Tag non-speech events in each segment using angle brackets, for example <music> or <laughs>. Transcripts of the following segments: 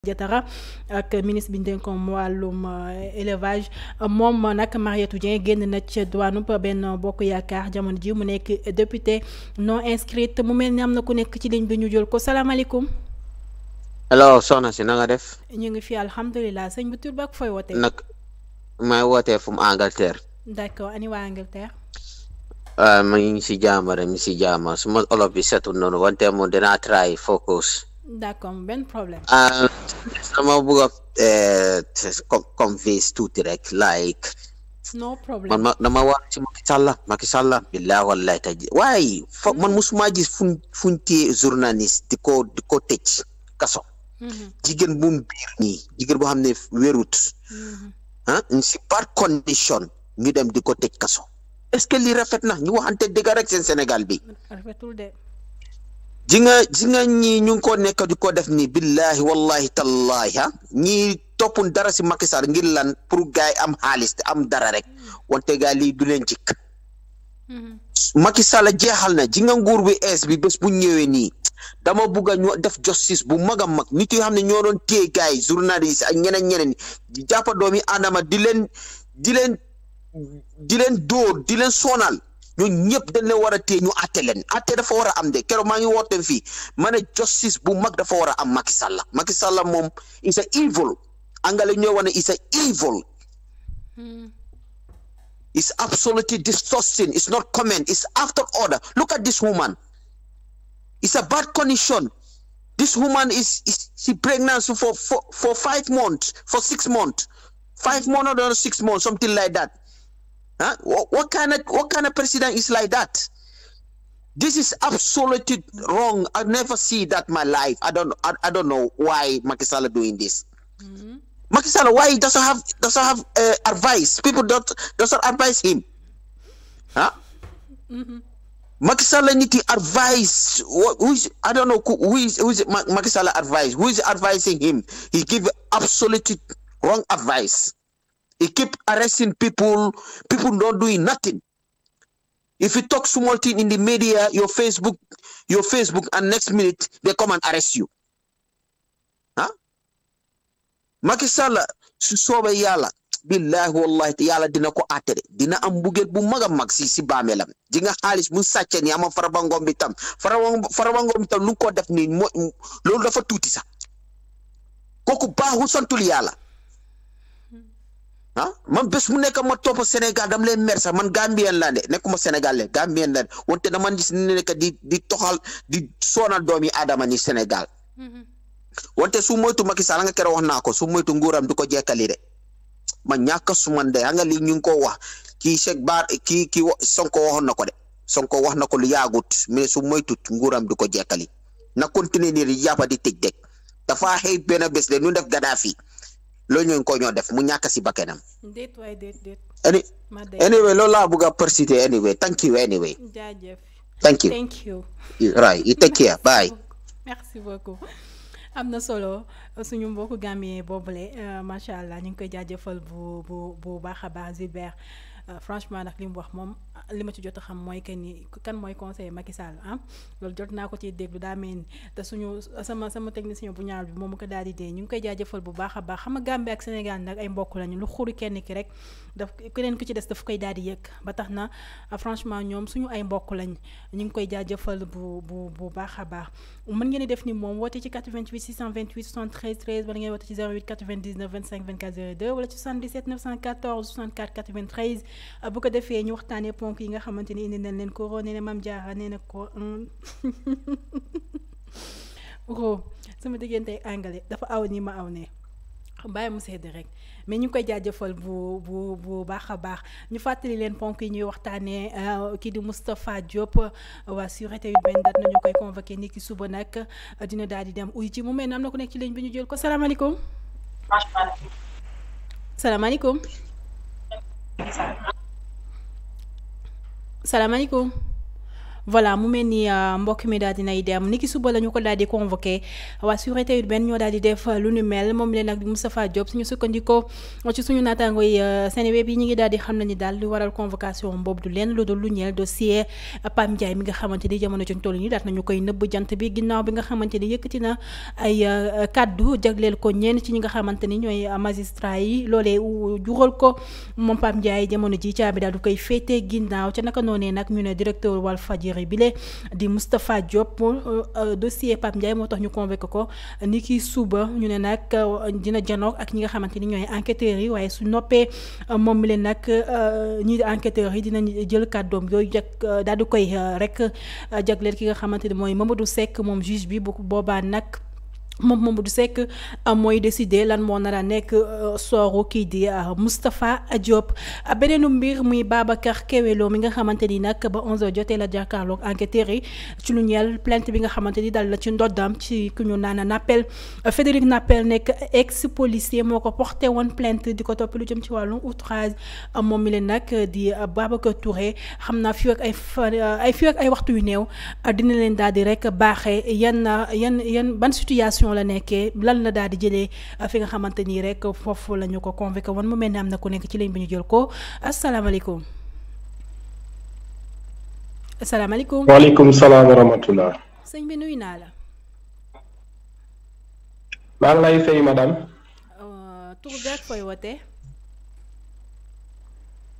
Diatara ak ministre bi ñu mu wàllum euh, élevage moom ma nag Mariétou Dieng génn na ci douane benn bokk yaakaar jamono ji mu nekk député non inscrite mu mel ni am na ku nekk ci ligne bi ñu jël ko salaamaaleykum. allo soxna si na def. ñu ngi fi alhamdulilah sëñ bi tur ba ak fooy wootee. nag may wootee fu mu Angleterre. d'accord ani waa Angleterre. ma ngi si jaama rek mi si jaama su ma olof bi setul noonu wante mu try focus. d'accord benn problème. Ah, dama bugg a convince tuuti rek like no problem man dama war ci Macky Sall Macky Sall billahi wallahi taji waaye mm-hmm. man musuma gis fuñ fuñ téye journaliste di ko di ko tëj kaso mm-hmm. jigéen bu mu biir nii jigéen boo xam ne wérut mm-hmm. ah si par condition ñu dem di ko tëj kaso est-ce que lii rafet na ñu waxante dëgg rek seen Sénégal bi ji nga ji nga ñii ñu ngi ko nekk di def nii billahi wallahi tallahi ah ñii toppun dara si Macky Sall ngir lan pour gaay am xaalis te am dara rek wante gaay lii du leen jikk mm-hmm. Macky Sall jeexal na ji nga nguur bi ees bi bés bu ñëwee nii dama bugg def justice bu mag a mag nit yoo xam ne ñoo doon téye gaay yi journaliste ak ñeneen ñeneen jàppa doomi Adama di leen di leen di leen dóor di leen soonal ñun ñëpp dañ leen war a téye ñu atte leen atte dafa war a am de keroog maa ngi woote fii ma ne justice bu mag dafa war a am Macky Sall Macky Sall moom is a evil angale ñoo wane is a evil hmm. is absolutely disgusting it's not common it's after order look at woman it's a bad condition this woman is, is she pregnant for, for for five months for six months five months or six months something like that Huh? What, what, kind of what kind of president is like that? This is absolutely wrong. I never see that my life. I don't know why Macky doing this. Mm why doesn't have uh, advice. People doesn't advise him. Huh? Mm-hmm. need to advise. Who is advice. him? He give absolutely wrong advice. He keep arresting people. People not doing nothing. If you talk small thing in the media, your Facebook, your Facebook, and next minute they come and you. Huh? Macky Sall si soobee yàlla billahi wallahi te yàlla dina ko àtte de dina am bugel bu mag a mag si si baameelam di nga xaalis mu sàcce ni ama Faraba Ngom bi tam Faraba tam lu ko def nii moo loolu dafa tuuti sax kooku baaxul santul yàlla. ah man bés mu nekk ma topp Sénégal dam lay mer man Gambien laa de nekkuma Sénégal le Gambien laa de wante dama gis ne nekk di di toxal di soonal doomi aadama ni Sénégal mm-hmm. wante su moytu ma Sall nga keroog wax naa ko su moytu nguuram di ko jekkali de man ñàkk suma ndey nga li ñu ngi ko wax kii Cheikh Baar kii kii Sonko waxoon na ko de Sonko wax na ko lu yaagut mais su moytut nguuram di ko jekkali na continuer ni di jàpp di tëj de dafa xëy benn bés de nu def Gaddafi lool ñooñu ko ñoo def mu ñàkk si bakkanam any anyway loolu laa bëgg a persiter anyway thank you anyway thank you thank you right you take care bye merci beaucoup am na solo suñu mbokku gàmmee boobule euh, macha allah ñu ngi koy jaajëfal bu bu baax a baax Gilbert Euh, franchement nag li mu wax moom li ma ci jot a xam mooy que ni kan mooy conseiller Macky Sall ah. loolu jot naa ko ci déglu daa mel ni te suñu sama sama technicien bu ñaar bi moom mu ko daal di dee ñu ngi koy jaajëfal bu ba tax na ah, franchement ñoom suñu ay mbokk lañ ñu ngi koy bu bu baax a baax mën ngeen di def ni moom woote ci 88 628 73 13 wala ngeen woote ci 08 99 25 24 02 wala ci 77 914 64 Euh, bu ko defee ñu waxtaanee ponk yi nga xamante ni indi nañ leen ko ro mam na maam jaara nee na ko mm. <laughs> ro sama diggante ak dafa aw nii ma aw ne bàyyi mu sedd rek mais ñu koy jaajëfal bu bu bu baax a baax ñu fàttali leen ponk yi ñuy waxtaanee euh, kii di Moustapha Diop waa sûreté urbaine dat nañu koy convoqué ni ki suba nag euh, dina daal di dem uy ci mu mel ne am na ku nekk ci ligne bi ñu jël ko salaamaaleykum. salaamaaleykum. salaamaaleykum. voilà mu mel ni euh, mbokk mi daal dinay dem ni ki suba la ñu ko daal di convoqué waa sûreté urbaine ñoo daal di def lu nu mel moom leen nag Moustapha Diop suñu sukkandikoo ci suñu naataango yi euh, Seneweb yi ñu ngi daal di xam ne ni daal lu waral convocation boobu du leen lu dul lu ñeel dossier euh, Pam Ndiaye mi nga xamante ni jamono jooju toll nii daat nañu koy nëbb jant bi ginnaaw bi nga xamante ni yëkkati na ay kaddu jagleel ko ñenn ci ñi nga xamante ni ñooy magistrat yi loolee jural ko moom Pam Ndiaye jamono ji caabi daal du koy féete ginnaaw ca naka noonee nag ñu ne directeur Walfadjri Paris bile di Moustapha Diop euh, euh, dossier Pape Ndiaye moo tax ñu convoqué ko ni ki suba ñu ne nag euh, dina janoog ak ñi nga xamante ni ñooy enquêteurs yi waaye su noppee moom mi leen nag ñii di enquêteurs yi dinañ jël kàddoom yooyu jag daal di koy rek jagleel ki nga xamante ni mooy Mamadou sekk moom juge bi bu boobaa nag. moom Mamadou Seck euh, mooy décidé lan moo nar a nekk euh, sooru kii di euh, Moustapha Diop beneenu mbir muy Babacar Kewelo mi nga xamante ni nag ba 11h jotee la jàkkaarloog enquêteurs yi ci lu ñeel plainte bi nga xamante ni dal la ci ndoddam ci ku ñu naana Nappel Frédéric Nappel nekk ex policier moo ko porté woon plainte di ko topp lu jëm ci wàllu outrage moom mi leen nag di Babacar Touré xam naa fii ay ay ay waxtu yu néew dina leen daal di rek baaxee yan yan yan ban situation. prison la nekkee lan la daal di jële euh, fi nga xamante nii rek foofu lañu ko convoqué woon mu mel ne am na ku nekk ci ligne bi ñu jël ko asalaamaaleykum. asalaamaaleykum waaleykum salaam wa rahmatulah. sëñ bi nuyu naa la. maa ngi lay fay madame. Euh, tur bi ak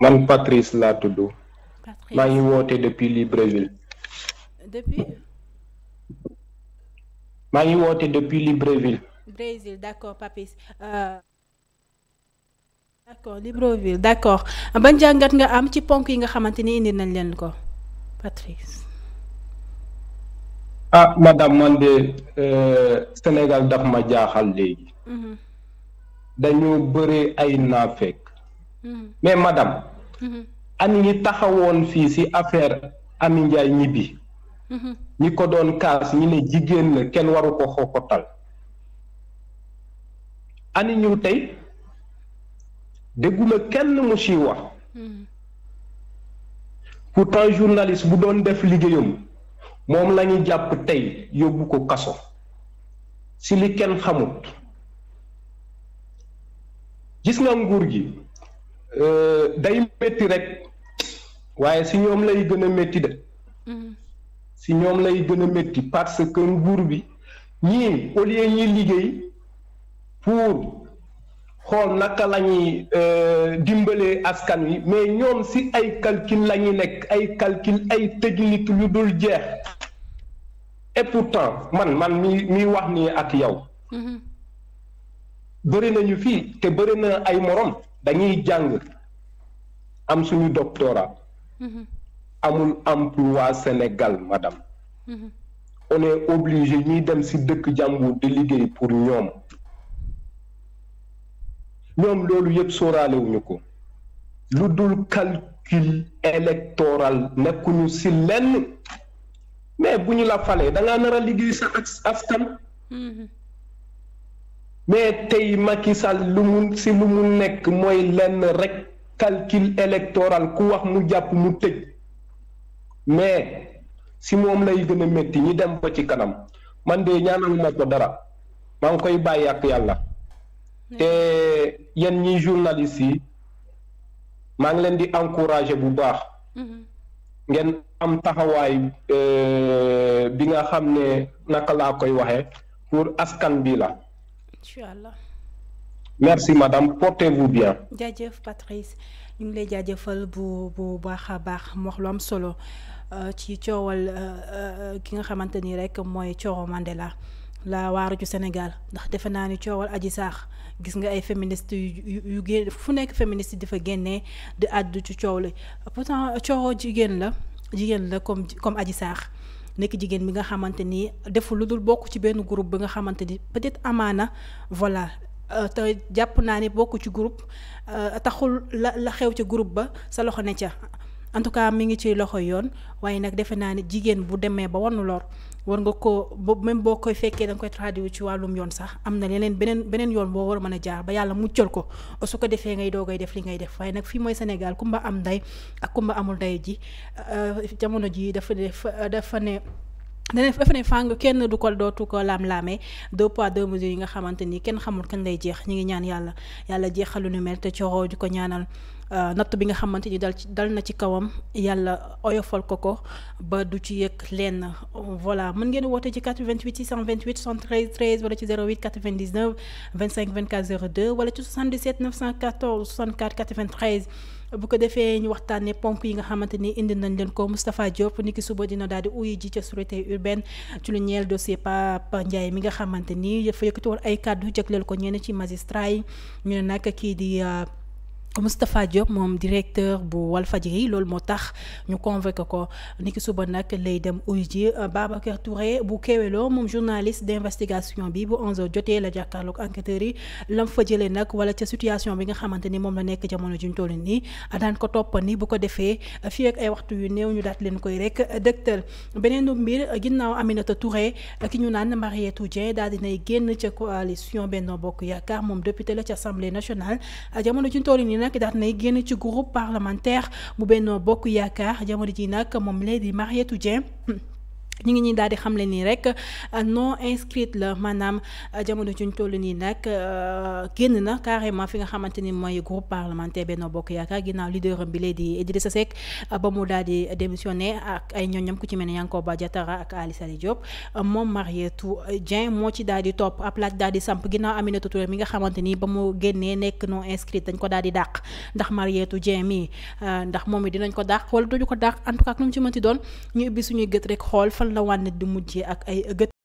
man Patrice laa tudd. maa ngi woote depuis Libreville. depuis. maa ngi woote depuis Libreville. Brésil d'accord Papis euh... d'accord Libreville d'accord ban jàngat nga am ci ponk yi nga xamante ni indi nañ leen ko Patrice. ah madame man de euh, Sénégal daf ma jaaxal léegi. Mm -hmm. dañoo bëre ay naafeq. Mm mais madame. Mm -hmm. taxawoon fii ci affaire Ami Ndiaye ñibbi. Mm-hmm. ñi ko doon kaas ñi ne jigéen na kenn waru ko xoxotal ani ñu tey dégguma kenn mu siy wax mm-hmm. pourtant journaliste bu doon def liggéeyam moom lañu jàpp tey yóbbu ko kaso si li kenn xamut gis nga nguur gi euh, day métti rek waaye si ñoom lay gën a métti de. Mm-hmm. si ñoom lay gën a métti parce que nguur bi ñii au lieu ñuy liggéey pour xool naka lañuy ñuy euh, dimbalee askan wi mais ñoom si ay calcul la nekk ay calcul ay technique yu dul jeex et pourtant man man mi miy wax nii ak yow. Mm-hmm. bëri nañu fii te bëri na ay morom dañuy jàng am suñu doctorat. Mm-hmm. amul emploi Sénégal madame mhm. on est obligé ñuy dem ci dëkk jàmbur di liggéey pour ñoom ñoom loolu yëpp sóoraalewuñu ko lu dul calcul électoral nekkuñu ci lenn mais bu ñu la falee da liggéey sa askan mhm. mais tey Macky Sall lu mu ci lu mu nekk mooy lenn rekk calcul électoral ku wax mu jàpp mu tëj mais si moom lay gën a métti ñi dem ba ci kanam man de ñaanaluma ko dara maa ngi koy bàyyi ak yàlla te yéen ñi journaliste yi maa ngi leen di encourager bu baax mhm. ngeen am taxawaay euh, bi nga xam ne naka laa koy waxee pour askan bi la inchallah merci madame portez-vous bien jaajëf Patrice ñu ngi lay jaajëfal bu bu baax a baax wax lu am solo Euh, ci coowal euh, euh, ki nga xamante ni rek mooy coow Mandela la waaru ci Sénégal ndax defe naa ni coowal aji saax gis nga ay féministe yu yu yu génn fu nekk féministe dafa génne di àddu ci coow li pourtant coow jigéen la jigéen la comme comme aji saax nekk jigéen bi nga xamante ni deful lu dul bokk ci benn groupe bi nga xamante ni peut-être amaana voilà te jàpp naa ne bokk ci groupe taxul la xew ca groupe ba sa loxo ne ca en tout cas ngi ci loxo yoon waaye nag defe naa ne jigéen bu demee ba wanu lor war nga ko même boo koy fekkee da nga koy traduire ci wàllum yoon sax am na leneen beneen beneen yoon boo war a mën a jaar ba yàlla muccal ko su ko defee ngay doogay def li ngay def waaye nag fi mooy Sénégal kumba am ndey ak kumba amul ndey ji euh, jamono ji dafa def dafa ne dana dafa ne fàng kenn du ko dootu ko laam-laamee deux poids deux mesures yi nga xamante ni kenn xamul kañ lay jeex ñu ngi ñaan yàlla yàlla jeexalu nu mel te coroo di ko ñaanal euh, natt bi nga xamante ni dal ci dal na ci kawam yàlla oyofal ko ko ba du ci yëg lenn voilà mën ngeen woote ci 88 628 73 13 wala ci 08 99 25 24 02 wala ci 77 914 64 93. bu ko defee ñu waxtaanee ponk yi nga xamante ni indi nañ leen ko Moustapha Diop niki suba dina daal di uyu ji ca sûreté urbaine ci lu ñeel dossier Pape Ndiaye mi nga xamante ni dafa yëkkati woon ay kàddu jagleel ko ñenn ci magistrat yi ñu ne nag kii di. Euh, Moustapha Diop moom directeur bu Walfadjri loolu moo tax ñu convoqué ko niki suba nag lay dem uyu ji euh, Babacar Touré bu Kewelo moom journaliste d'investigation bi bu 11h jotee la jàkkaarloog enquêteurs yi lam fa jële nag wala ca situation bi nga xamante ni moom la nekk jamono juñ toll nii daan ko toppani bu ko defee euh, fii ak ay waxtu yu néew ñu daat leen koy rek euh, dëgtal beneen mbir ginnaaw Aminata Touré ki ñu naan Mariétou Dieng daal nay génn ca coalition Benno Bokk Yaakaar moom député la ci assemblée nationale nag daal nay génn ci groupe parlementaire bu Benno Bokk Yaakaar jamono ji nag moom lay di Mariétou Dieng ñu ngi ñuy daal di xamle nii rek euh, non inscrit la maanaam euh, jamono juñ toll nii nag euh, génn na carrément fi nga xamante ni mooy groupe parlementaire Benno Bokk Yaakaar ginnaaw leader bi lay di Idrissa Seck ba mu daal di démissionné ak ay ñooñam ku ci mel ne Yankoba Diatara ak Ali Sali Diop moom Marietou Dieng moo ci daal di topp ab laaj daal di samp ginnaaw Aminata Touré mi nga xamante ni ba mu génnee nekk non inscrite dañ ko daal di dàq ndax marietu Dieng mii ndax moom it dinañ ko dàq wala duñu ko dàq tout cas nu mu ci mënti doon suñuy gët rek xool fan la wànnit di mujje ak ay ëgët